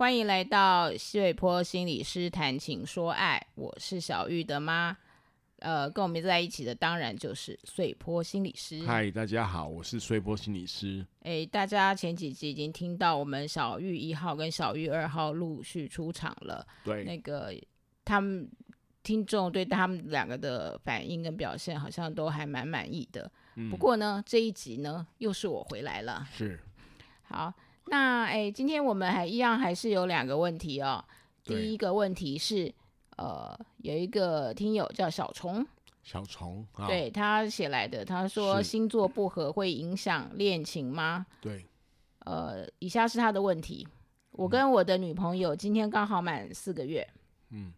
歡迎來到穗波心理師談情說愛，我是小玉的媽。呃，跟我們在一起的當然就是穗波心理師。嗨，大家好，我是穗波心理師。誒，大家前幾集已經聽到我們小玉一號跟小玉二號陸續出場了。對，那個他們聽眾對他們兩個的反應跟表現好像都還蠻滿意的。嗯、不過呢，這一集呢又是我回來了。是，好。那哎，今天我們還一樣還是有兩個問題哦。第一個問題是，呃，有一個聽友叫小蟲，小蟲啊、哦，對他寫來的，他說星座不合會影響戀情嗎？對，呃，以下是他的問題：我跟我的女朋友今天剛好滿四個月，嗯，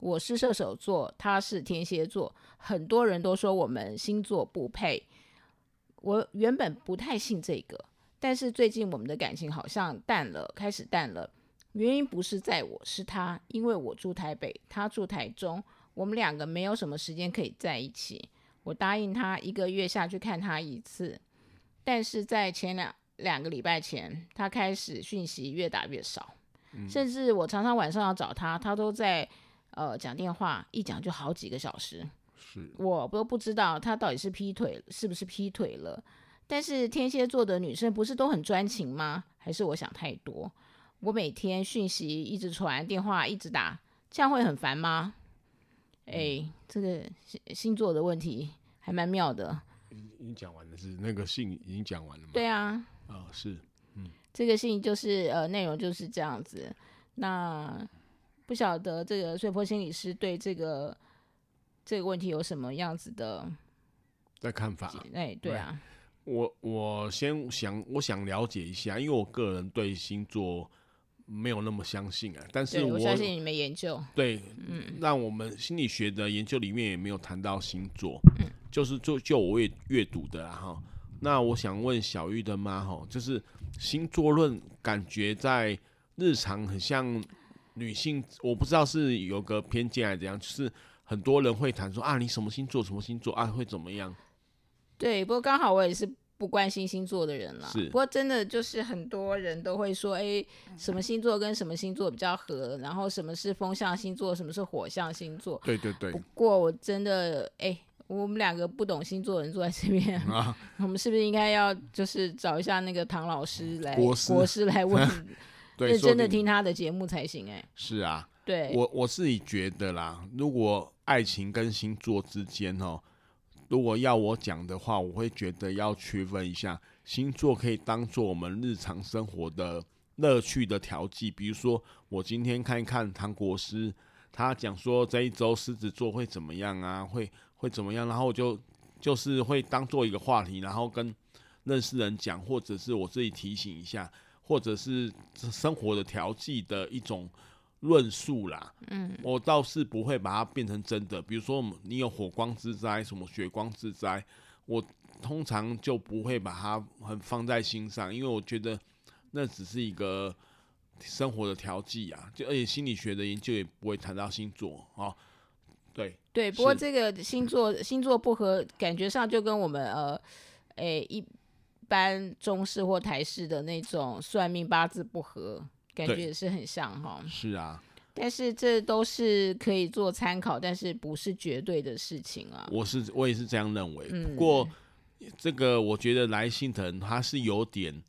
我是射手座，她是天蠍座，很多人都說我們星座不配，我原本不太信這個。但是最近我們的感情好像淡了，開始淡了。原因不是在我，是他，因為我住台北，他住台中，我們兩個沒有什麼時間可以在一起。我答應他一個月下去看他一次，但是在前兩兩個禮拜前，他開始訊息越打越少，嗯，甚至我常常晚上要找他，他都在呃講電話，一講就好幾個小時。是，我都不不知道他到底是劈腿，是不是劈腿了？但是天蠍座的女生不是都很專情嗎？還是我想太多？我每天訊息一直傳，電話一直打，這樣會很煩嗎？哎、嗯欸，這個星座的問題還蠻妙的。已經講完的是那個信已經講完了嗎？對啊，哦，是，嗯，這個信就是呃內容就是這樣子。那不曉得這個穗波心理師對這個這個問題有什麼樣子的的看法？哎、欸，對啊。對啊我我先想，我想了解一下，因為我個人對星座沒有那麼相信啊。但是我，我相信你們研究，對，嗯，那我們心理學的研究裡面也沒有談到星座，嗯，就是就就我也閱讀的哈。那我想問小玉的媽哈，就是星座論感覺在日常很像女性，我不知道是有個偏見還是怎樣，就是很多人會談說啊，你什麼星座，什麼星座啊，會怎麼樣。對，不過剛好我也是不關心星座的人啦。不過真的就是很多人都會說，哎，什麼星座跟什麼星座比較合？然後什麼是風象星座，什麼是火象星座？對對對。不過我真的，哎，我們兩個不懂星座的人坐在這邊，嗯啊、 我們是不是應該要就是找一下那個唐老師來國師來問？ 對，真的聽他的節目才行、欸。誒，是啊。對，我我自己覺得啦，如果愛情跟星座之間哦。如果要我講的話，我會覺得要區分一下。星座可以當做我們日常生活的樂趣的調劑。比如說，我今天看一看唐國師，他講說，這一周獅子座會怎麼樣啊？會會怎麼樣？然後我就就是會當做一個話題，然後跟認識人講，或者是我自己提醒一下，或者是生活的調劑的一種論述啦，嗯，我倒是不會把它變成真的。比如說，你有火光之災，什麼血光之災，我通常就不會把它很放在心上，因為我覺得那只是一個生活的調劑啊。就而且心理學的研究也不會談到星座哦。對對，不過這個星座星座不合，感覺上就跟我們呃，誒、欸，一般中式或台式的那種算命八字不合。感覺也是很像哈，是啊，但是這都是可以做參考，但是不是絕對的事情啊。我是我也是這樣認為，嗯、不過這個我覺得來信的人他是有點，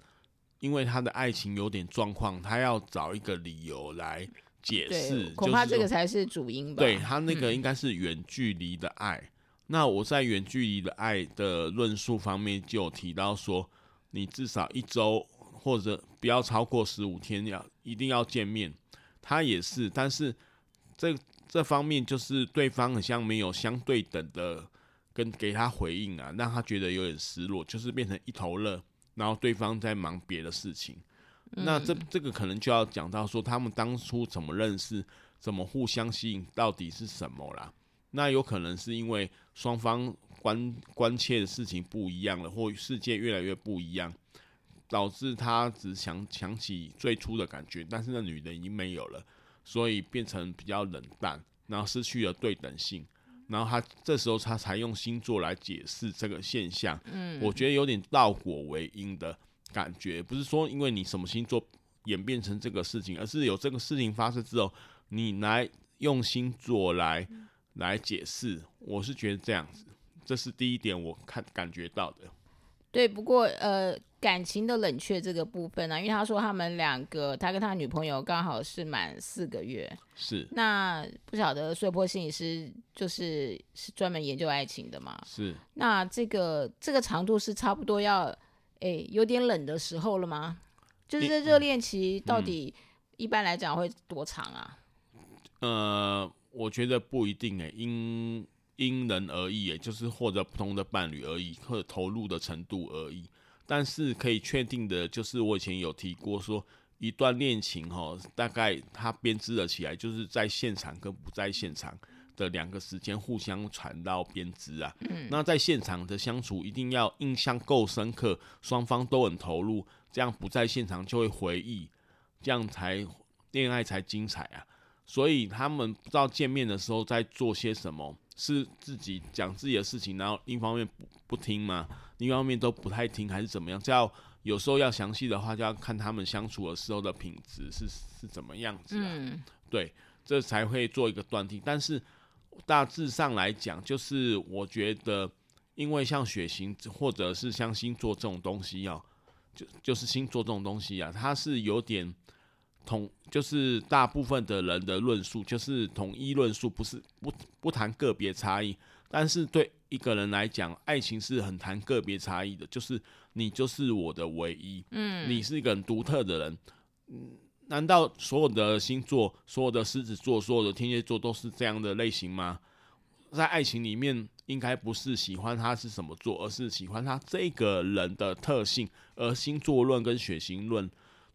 因為他的愛情有點狀況，他要找一個理由來解釋，恐怕這個才是主因吧。就是嗯、對他那個應該是遠距離的愛、嗯，那我在遠距離的愛的論述方面就有提到說，你至少一周。或者不要超過十五天要，要一定要見面。他也是，但是這這方面就是對方好像沒有相對等的跟給他回應啊，讓他覺得有點失落，就是變成一頭熱，然後對方在忙別的事情。嗯、那這這個可能就要講到說他們當初怎麼認識，怎麼互相吸引，到底是什麼啦。那有可能是因為雙方關關切的事情不一樣了，或世界越來越不一樣。導致他只想想起最初的感覺，但是那女人已經沒有了，所以變成比較冷淡，然後失去了對等性。然後他這時候他才用星座來解釋這個現象。嗯，我覺得有點倒果為因的感覺，不是說因為你什麼星座演變成這個事情，而是有這個事情發生之後，你來用星座來來解釋。我是覺得這樣子，這是第一點我看感覺到的。對，不過呃。感情的冷卻這個部分呢、啊，因為他說他們兩個，他跟他女朋友剛好是滿四個月，是那不曉得穗波心理師就是是專門研究愛情的嘛？是那這個這個長度是差不多要哎、欸、有點冷的時候了嗎？就是這熱戀期到底一般來講會多長啊、欸嗯嗯嗯？呃，我覺得不一定誒、欸，因因人而異，哎，就是或者不同的伴侶而異，或者投入的程度而異。但是可以確定的就是，我以前有提過說，一段戀情齁，大概他編織了起來，就是在現場跟不在現場的兩個時間互相傳到編織啊、嗯。那在現場的相處一定要印象夠深刻，雙方都很投入，這樣不在現場就會回憶，這樣才戀愛才精彩啊。所以他們不知道見面的時候在做些什麼，是自己講自己的事情，然後另一方面不，不聽嗎？另外一面都不太聽還是怎麼樣？這要有時候要詳細的話，就要看他們相處的時候的品質是是怎麼樣子啊。嗯，對，這才會做一個斷定。但是大致上來講，就是我覺得，因為像血型或者是像星座這種東西啊，就就是星座這種東西啊，它是有點統，就是大部分的人的論述就是統一論述不，不是不不談個別差異。但是對一個人來講，愛情是很談個別差異的，就是你就是我的唯一，嗯，你是一個很獨特的人。嗯，難道所有的星座，所有的獅子座，所有的天蠍座都是這樣的類型嗎？在愛情裡面，應該不是喜歡他是什麼座，而是喜歡他這個人的特性。而星座論跟血型論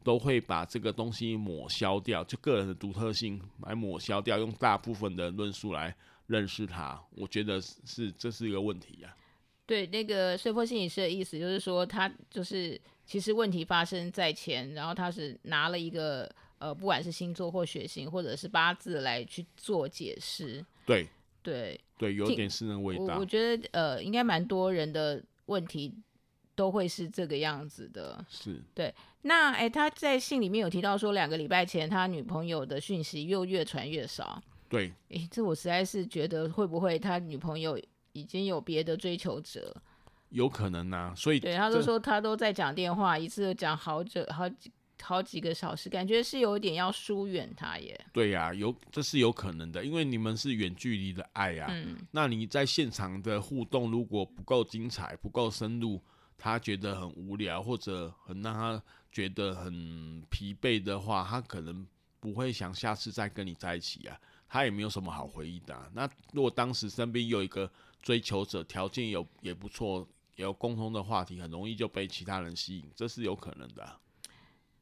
都會把這個東西抹消掉，就個人的獨特性來抹消掉，用大部分的論述來。認識他，我覺得是這是一個問題呀、啊。對，那個穗波心理師的意思就是說，他就是其實問題發生在前，然後他是拿了一個呃，不管是星座或血型或者是八字來去做解釋。對對對，有點私人味道我。我覺得呃，應該蠻多人的問題都會是這個樣子的。是。對。那哎、欸，他在信裡面有提到說，兩個禮拜前他女朋友的訊息又越傳越少。對，哎，這我實在是覺得會不會他女朋友已經有別的追求者？有可能啊。所以對，他都說他都在講電話，一次講好久，好幾好幾個小時，感覺是有點要疏遠他耶。對呀、啊，有，這是有可能的，因為你們是遠距離的愛呀、啊。嗯。那你在現場的互動如果不夠精彩、不夠深入，他覺得很無聊或者很讓他覺得很疲憊的話，他可能不會想下次再跟你在一起啊。他也沒有什麼好回憶的、啊。那如果當時身邊有一個追求者，條件也有也不錯，有共同的話題，很容易就被其他人吸引，這是有可能的、啊。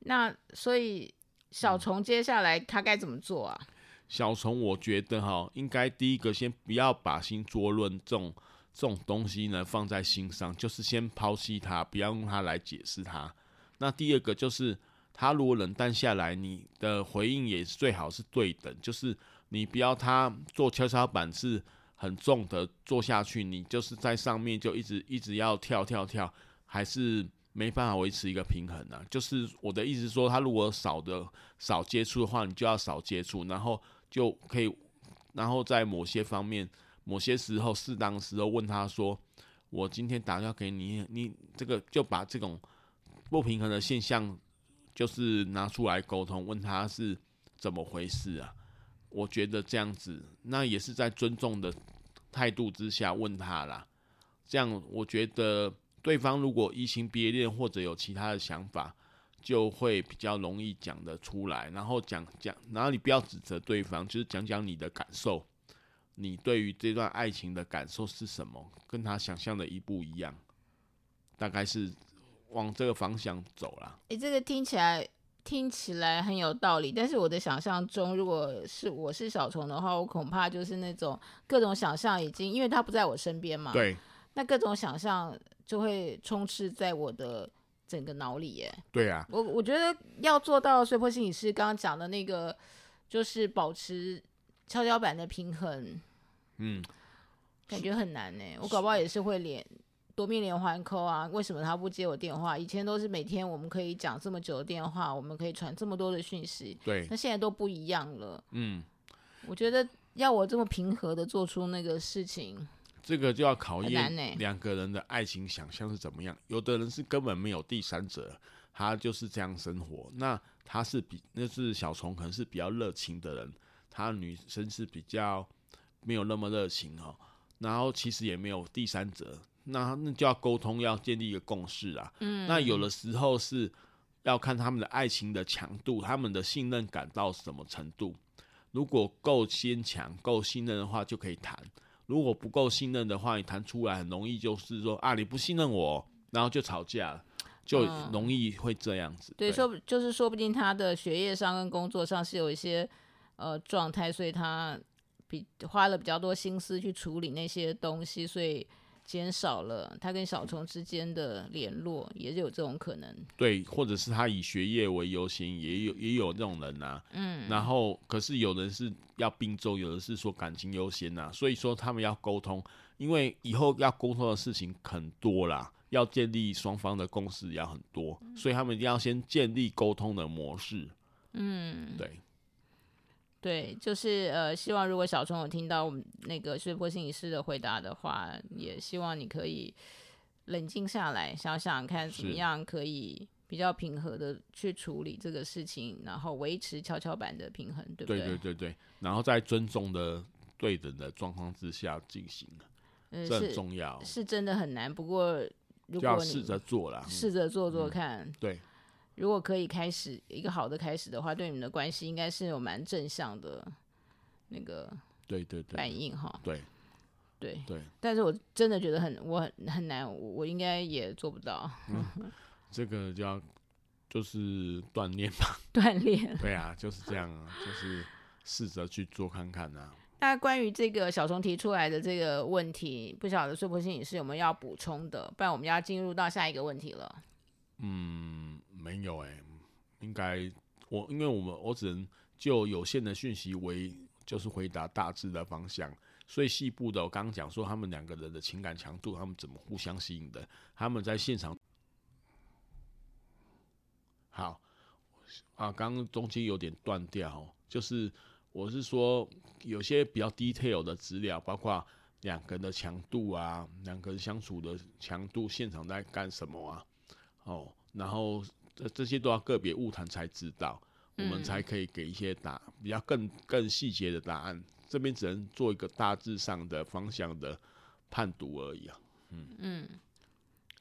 那所以小蟲接下來他該怎麼做啊？嗯、小蟲，我覺得哈，應該第一個先不要把星座論這種這種東西呢放在心上，就是先拋棄它，不要用它來解釋它。那第二個就是，他如果冷淡下來，你的回應也是最好是對等，就是。你不要他做蹺蹺板是很重的坐下去，你就是在上面就一直一直要跳跳跳，還是沒辦法維持一個平衡呢，、啊？就是我的意思說，他如果少的少接觸的話，你就要少接觸，然後就可以，然後在某些方面、某些時候、適當的時候問他說：“我今天打電話給你，你這個就把這種不平衡的現象就是拿出來溝通，問他是怎麼回事啊？”我覺得這樣子，那也是在尊重的態度之下問他啦。這樣，我覺得對方如果移情別戀或者有其他的想法，就會比較容易講得出來。然後講講，然後你不要指責對方，就是講講你的感受，你對於這段愛情的感受是什麼，跟他想象的一不一樣？大概是往這個方向走啦。誒、欸，這個聽起來。聽起來很有道理，但是我的想象中，如果是我是小蟲的話，我恐怕就是那種各種想象已經，因為它不在我身邊嘛。對。那各種想象就會充斥在我的整個腦裡耶。對呀、啊。我我覺得要做到穗波心理師剛剛講的那個，就是保持蹺蹺板的平衡。嗯。感覺很難呢。我搞不好也是會連。奪命連環扣啊！為什麼他不接我電話？以前都是每天我們可以講這麼久的電話，我們可以傳這麼多的訊息。對，那現在都不一樣了。嗯，我覺得要我這麼平和的做出那個事情，這個就要考驗兩、欸、個人的愛情想象是怎麼樣。有的人是根本沒有第三者，他就是這樣生活。那他是比那、就是小蟲，可能是比較熱情的人，他女生是比較沒有那麼熱情哈、喔。然後其實也沒有第三者。那那就要溝通，要建立一個共識啊。嗯，那有的時候是要看他們的愛情的強度，他們的信任感到什麼程度。如果夠堅強、夠信任的話，就可以談；如果不夠信任的話，你談出來很容易就是說啊，你不信任我，然後就吵架了，就容易會這樣子。嗯、對，對，說就是說不定他的學業上跟工作上是有一些呃狀態，所以他比花了比較多心思去處理那些東西，所以。減少了他跟小蟲之間的聯絡，也有這種可能。對，或者是他以學業為優先，也有也有這種人吶、啊。嗯，然後可是有人是要並重，有的是說感情優先吶、啊。所以說他們要溝通，因為以後要溝通的事情很多啦，要建立雙方的共識要很多，所以他們一定要先建立溝通的模式。嗯，對。對，就是呃，希望如果小春有聽到我們那個穗波心理師的回答的話，也希望你可以冷靜下來，想想看怎麼樣可以比較平和的去處理這個事情，然後維持蹺蹺板的平衡，對不對？對對對對然後在尊重的、對等的狀況之下進行，呃、這很重要是，是真的很難。不過，如果你試着做啦、嗯，試着做做看，嗯、對。如果可以開始一個好的開始的話，對你們的關係應該是有蠻正向的那個，對，對對對，反應哈，對對對、對、對。但是我真的覺得很，我很很難，我，我應該也做不到。嗯、 這個就要就是鍛鍊吧，鍛鍊。對啊，就是這樣啊， 就是試着去做看看吶、啊。 那關於這個小熊提出來的這個問題，不曉得穗波心理師是有沒有要補充的？不然我們要進入到下一個問題了。嗯。沒有哎、欸，應該我因為我們我只能就有限的訊息為，就是回答大致的方向。所以細部的，我剛講說他們兩個人的情感強度，他們怎麼互相吸引的，他們在現場好。好啊，剛剛中間有點斷掉，就是我是說有些比較 detail 的資料，包括兩個人的強度啊，兩個人相處的強度，現場在幹什麼啊？哦，然後。這些都要個別晤談才知道，我們才可以給一些答、嗯、比較更更細節的答案。這邊只能做一個大致上的方向的判讀而已啊。嗯嗯，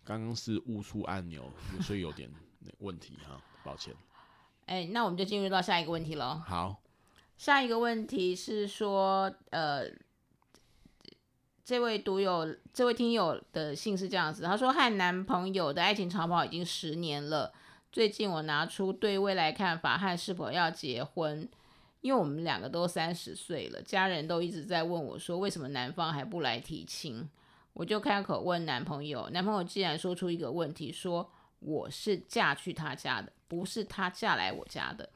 剛剛是誤觸按鈕，所以有點問題哈、 哦，抱歉。哎、欸，那我們就進入到下一個問題嘍。好，下一個問題是說，呃，這位讀友、這位聽友的信是這樣子，他說和男朋友的愛情長跑已經十年了。最近我拿出對未來看法和是否要結婚，因為我們兩個都三十歲了，家人都一直在問我，說為什麼男方還不來提親，我就開口問男朋友，男朋友竟然說出一個問題，說我是嫁去他家的，不是他嫁來我家的，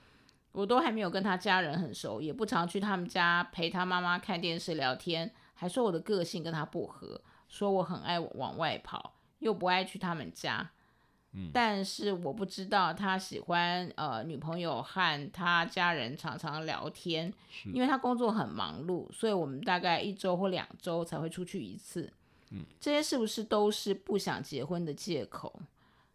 我都還沒有跟他家人很熟，也不常去他們家陪他媽媽看電視聊天，還說我的個性跟他不合，說我很愛往外跑，又不愛去他們家。但是我不知道他喜歡呃女朋友和他家人常常聊天，因為他工作很忙碌，所以我們大概一周或兩周才會出去一次。嗯，這些是不是都是不想結婚的借口？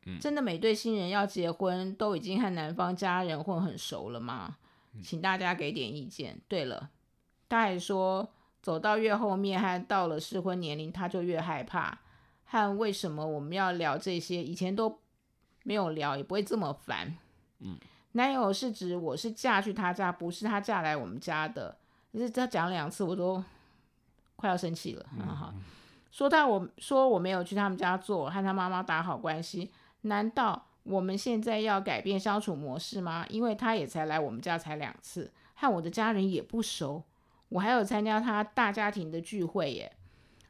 嗯，真的每對新人要結婚都已經和男方家人混很熟了嗎？請大家給點意見。對了，他還說走到越後面，還到了適婚年齡，他就越害怕。和為什麼我們要聊這些？以前都。沒有聊也不會這麼煩。嗯，男友是指我是嫁去他家，不是他嫁來我們家的。可是他講兩次，我都快要生氣了。嗯好、嗯。說到我說我沒有去他們家做，和他媽媽打好關係。難道我們現在要改變相處模式嗎？因為他也才來我們家才兩次，和我的家人也不熟。我還有參加他大家庭的聚會耶。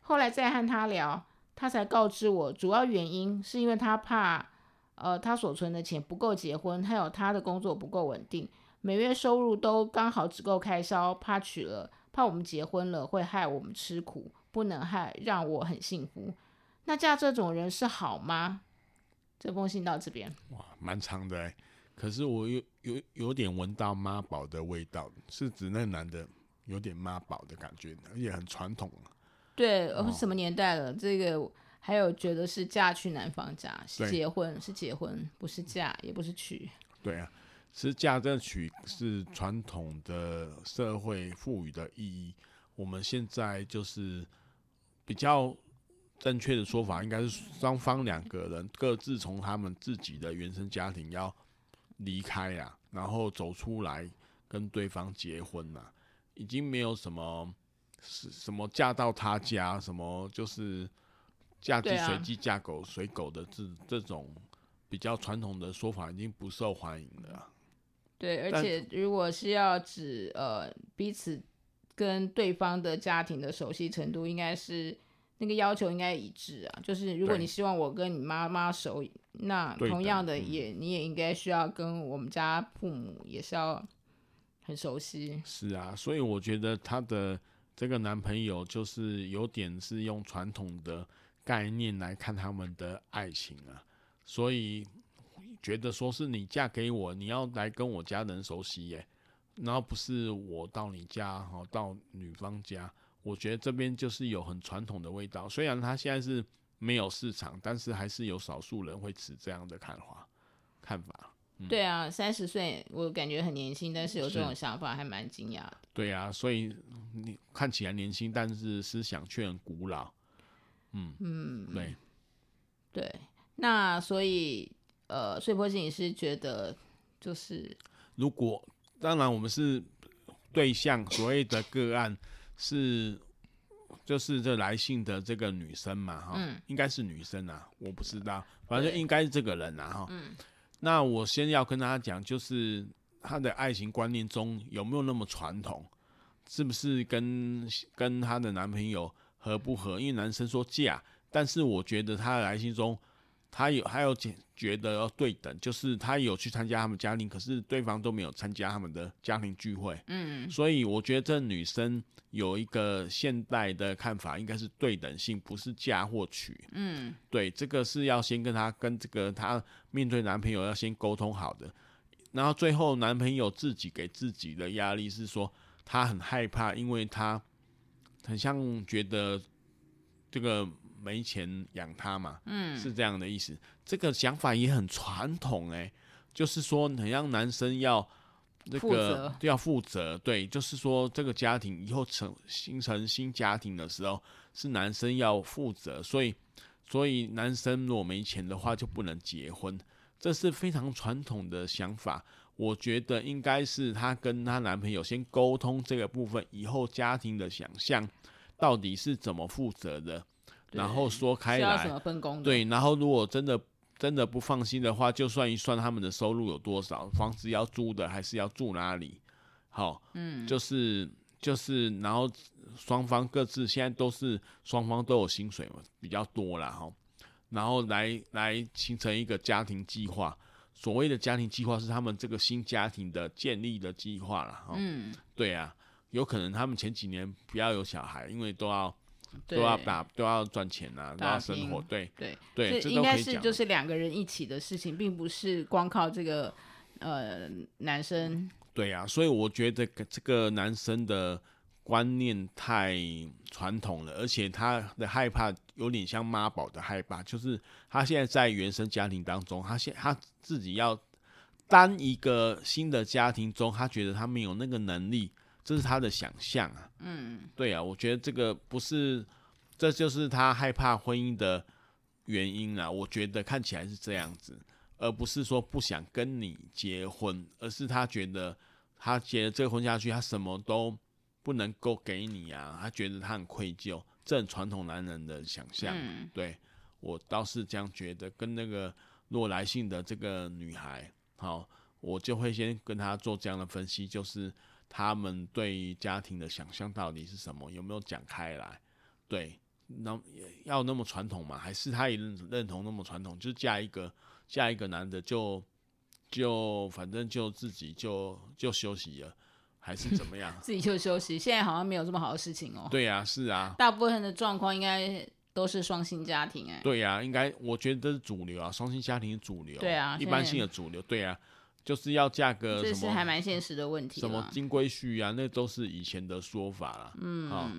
後來再和他聊，他才告知我主要原因是因為他怕。呃，他所存的錢不夠結婚，還有他的工作不夠穩定，每月收入都剛好只夠開銷，怕娶了，怕我們結婚了會害我們吃苦，不能害讓我很幸福。那嫁這種人是好嗎？這封信到這邊。哇，蠻長的、欸，可是我有有有點聞到媽寶的味道，是指那男的有點媽寶的感覺，而且很傳統。對、哦，什麼年代了？這個。還有覺得是嫁去男方家，是結婚是結婚，不是嫁也不是娶。對啊，其實嫁跟娶是傳統的社會賦予的意義。我們現在就是比較正確的說法，應該是雙方兩個人各自從他們自己的原生家庭要離開啊，然後走出來跟對方結婚了，啊。已經沒有什麼是什麼嫁到他家，什麼就是。嫁雞隨雞，嫁狗隨、啊、狗的這這種比較傳統的說法已經不受歡迎了。對，而且如果是要指是呃彼此跟對方的家庭的熟悉程度應，應該是那個要求應該一致啊。就是如果你希望我跟你媽媽熟，那同樣的也的、嗯、你也應該需要跟我們家父母也是要很熟悉。是啊，所以我覺得她的這個男朋友就是有點是用傳統的。概念來看他們的愛情啊，所以覺得說是你嫁給我，你要來跟我家人熟悉耶、欸，然後不是我到你家哈，到女方家，我覺得這邊就是有很傳統的味道。雖然他現在是沒有市場，但是還是有少數人會持這樣的看法。看法，嗯、對啊，三十歲我感覺很年輕，但是有這種想法還蠻驚訝。對啊，所以你看起來年輕，但是思想卻很古老。嗯嗯，對對，那所以呃，所以穗波心理是覺得就是，如果當然我們是對象所謂的個案是， 就是這來信的這個女生嘛，哈、嗯，應該是女生啊，我不知道，嗯、反正就應該是這個人啊，哈、嗯，那我先要跟她講，就是她的愛情觀念中有沒有那麼傳統，是不是跟跟她的男朋友？合不合？因為男生說嫁，但是我覺得他的來信中，他有還有覺覺得要對等，就是他有去參加他們家庭，可是對方都沒有參加他們的家庭聚會。嗯，所以我覺得這女生有一個現代的看法，應該是對等性，不是嫁或娶。嗯，對，這個是要先跟他跟這個她面對男朋友要先溝通好的，然後最後男朋友自己給自己的壓力是說他很害怕，因為他。很像覺得這個沒錢養他嘛，嗯，是這樣的意思。這個想法也很傳統欸，就是說，很像男生要那個就要負責，對，就是說，這個家庭以後成形成新家庭的時候，是男生要負責，所以所以男生如果沒錢的話就不能結婚，這是非常傳統的想法。我覺得應該是她跟她男朋友先溝通這個部分，以後家庭的想象到底是怎麼負責的，然後說開來對，然後如果真的真的不放心的話，就算一算他們的收入有多少，房子要租的還是要住哪裡？好，嗯，就是就是，然後雙方各自現在都是雙方都有薪水嘛，比較多啦哈，然後來來形成一個家庭計劃。所謂的家庭計劃是他們這個新家庭的建立的計劃了，嗯，對啊，有可能他們前幾年不要有小孩，因為都要都要打都要賺錢啊，都要生活，對對對，對對應該是就是兩個人一起的事情，並不是光靠這個呃男生。對啊，所以我覺得這個男生的。觀念太傳統了，而且他的害怕有點像媽寶的害怕，就是他現在在原生家庭當中，他現他自己要當一個新的家庭中，他覺得他沒有那個能力，這是他的想象啊。嗯，對啊，我覺得這個不是，這就是他害怕婚姻的原因啊。我覺得看起來是這樣子，而不是說不想跟你結婚，而是他覺得他結了這個婚下去，他什麼都不能夠給你啊，他覺得他很愧疚，這很傳統男人的想象，嗯。對，我倒是這樣覺得，跟那個若來信的這個女孩，好，我就會先跟她做這樣的分析，就是他們對於家庭的想象到底是什麼，有沒有講開來？對，那要那麼傳統嗎？還是他也認認同那麼傳統，就嫁一個嫁一個男的就，就就反正就自己就就休息了。還是怎麼樣？ 自己就休息。現在好像沒有這麼好的事情哦、喔。對呀、啊，是啊。大部分的狀況應該都是雙薪家庭哎、欸。對呀、啊，應該我覺得這是主流啊，雙薪家庭是主流。對啊，一般性的主流。對啊，就是要嫁個什麼，這是還蠻現實的問題。什麼金龜婿啊，那都是以前的說法了。嗯、啊，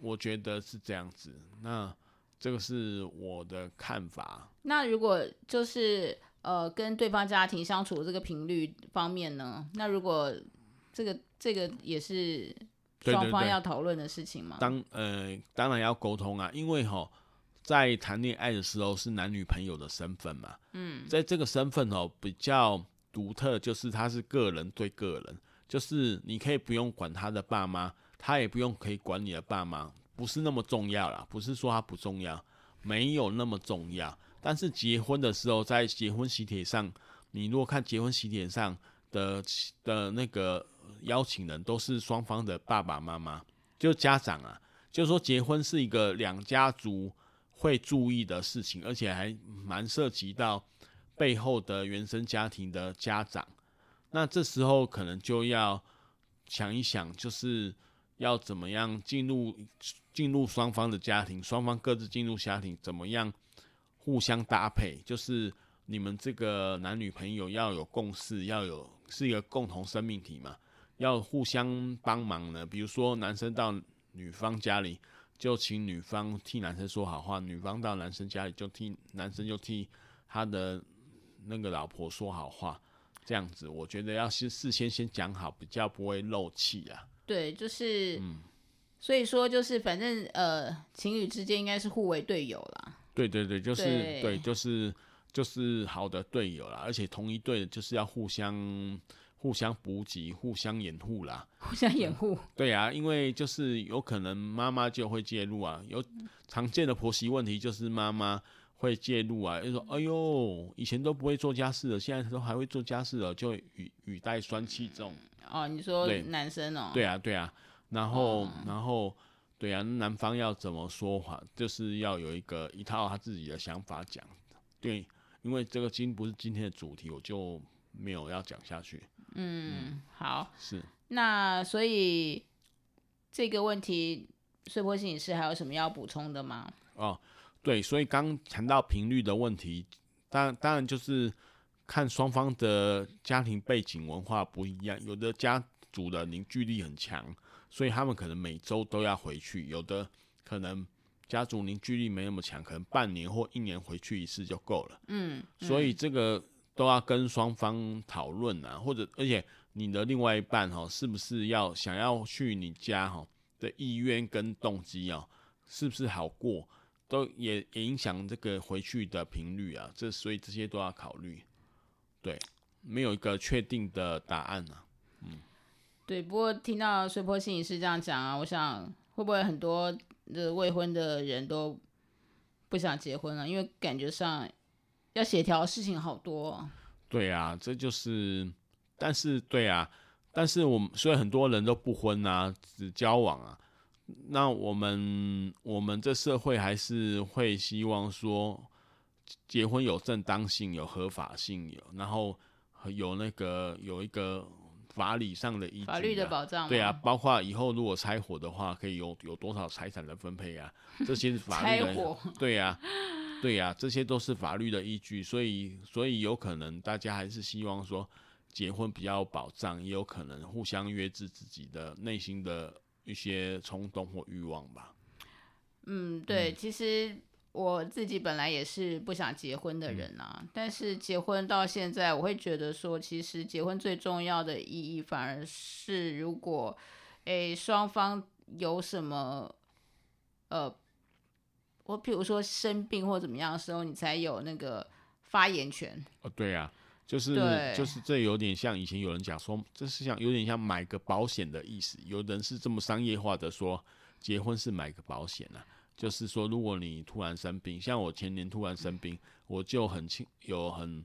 我覺得是這樣子。那這個是我的看法。那如果就是呃，跟對方家庭相處這個頻率方面呢？那如果這個。這個也是雙方要討論的事情嗎？對對對，當呃，當然要溝通啊，因為吼，在談戀愛的時候是男女朋友的身份嘛，嗯，在這個身份哦，比較獨特，就是他是個人對個人，就是你可以不用管他的爸媽，他也不用可以管你的爸媽，不是那麼重要啦，不是說他不重要，沒有那麼重要。但是結婚的時候，在結婚喜帖上，你如果看結婚喜帖上的的那個。邀請人都是雙方的爸爸媽媽，就家長啊，就是說結婚是一個兩家族會注意的事情，而且還蠻涉及到背後的原生家庭的家長。那這時候可能就要想一想，就是要怎麼樣進入進入雙方的家庭，雙方各自進入家庭，怎麼樣互相搭配，就是你們這個男女朋友要有共識，要有是一個共同生命體嘛。要互相幫忙呢，比如說男生到女方家裡，就請女方替男生說好話，女方到男生家裡，就替男生就替他的那個老婆說好話。這樣子我覺得要先事先先講好，比較不會漏氣啊。對，就是，嗯，所以說就是反正呃，情侶之間應該是互為隊友啦。對對對，就是對，對，就是就是好的隊友啦，而且同一隊就是要互相，互相補給，互相掩護啦。互相掩護、嗯。對啊，因為就是有可能媽媽就會介入啊。有常見的婆媳問題就是媽媽會介入啊，就是、說：“哎呦，以前都不會做家事的，現在都還會做家事了，就語語帶酸氣。”重哦，你說男生哦、喔。對啊，對啊。然後，然後，對啊，男方要怎麼說話、啊，就是要有一個一套他自己的想法講。對，因為這個經不是今天的主題，我就。沒有要講下去，嗯。嗯，好，是，那所以這個問題，穗波心理師還有什麼要補充的嗎？哦，對，所以剛談到頻率的問題，當然當然就是看雙方的家庭背景文化不一樣，有的家族的凝聚力很強，所以他們可能每週都要回去；有的可能家族凝聚力沒那麼強，可能半年或一年回去一次就夠了。嗯，所以這個。嗯都要跟雙方討論啊，或者而且你的另外一半哈、哦，是不是要想要去你家哈、哦、的意願跟動機啊、哦，是不是好過，都也影響這個回去的頻率啊，這所以這些都要考慮。對，沒有一個確定的答案啊。嗯，對，不過聽到穗波心理師這樣講啊，我想會不會很多的未婚的人都不想結婚了、啊，因為感覺上。要協調的事情好多、哦，對啊，這就是，但是對啊，但是我們所以很多人都不婚啊，只交往啊。那我們我們這社會還是會希望說，結婚有正當性、有合法性有，有然後有那個有一個法理上的依據、啊，法律的保障，對啊，包括以後如果拆夥的話，可以有有多少財產的分配啊，這些是法律的，的。 對啊。對呀、啊，這些都是法律的依據，所以所以有可能大家還是希望說結婚比較有保障，也有可能互相約制自己的內心的一些衝動或欲望吧。嗯，對嗯，其實我自己本來也是不想結婚的人吶、啊嗯，但是結婚到現在，我會覺得說，其實結婚最重要的意義，反而是如果誒雙方有什麼呃。我比如說生病或怎麼樣的時候，你才有那個發言權。哦，對啊，就是就是這有點像以前有人講說，這是像有點像買個保險的意思。有人是這麼商業化的說，結婚是買個保險了、啊。就是說，如果你突然生病，像我前年突然生病，嗯、我就很輕，有很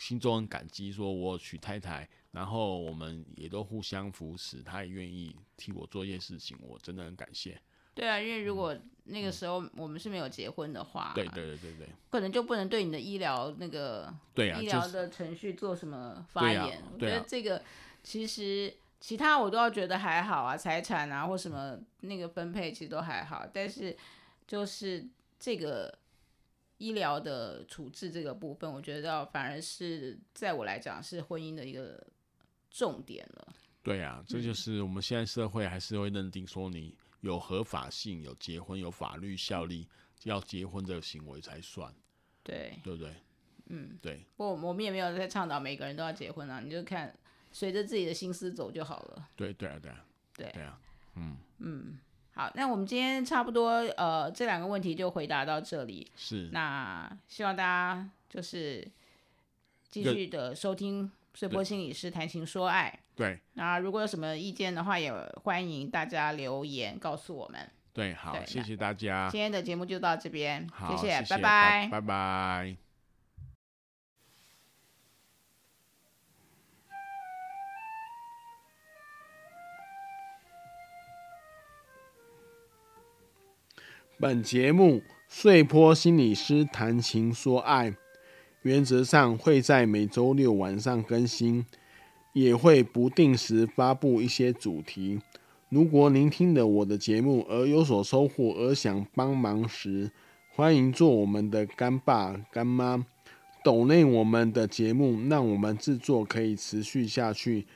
心中很感激，說我娶太太，然後我們也都互相扶持，他也願意替我做一些事情，我真的很感謝。對啊，因為如果那個時候我們是沒有結婚的話，對對對對對，可能就不能對你的醫療那個醫療的程序做什麼發言。對啊、就是對啊對啊。我覺得這個其實其他我都要覺得還好啊，財產啊或什麼那個分配其實都還好，嗯、但是就是這個醫療的處置這個部分，我覺得反而是在我來講是婚姻的一個重點了。對啊，這就是我們現在社會還是會認定說你。有合法性，有結婚，有法律效力，嗯、要結婚這個行為才算，對，對不對？嗯，對。不過我我們也沒有在倡導每個人都要結婚啊，你就看隨着自己的心思走就好了。對對啊，對啊，對對啊，嗯嗯。好，那我們今天差不多，呃，這兩個問題就回答到這裡。是。那希望大家就是繼續的收聽穗波心理師談情說愛。對，那、啊、如果有什麼意見的話，也歡迎大家留言告訴我們。對，好，謝謝大家。今天的節目就到這邊，好謝，謝，謝謝，拜拜、啊，拜拜。本節目穗波心理師談情說愛，原則上會在每周六晚上更新。也會不定時發布一些主題。如果您聽了我的節目而有所收穫而想幫忙時，歡迎做我們的乾爸干媽，抖內我們的節目，讓我們製作可以持續下去。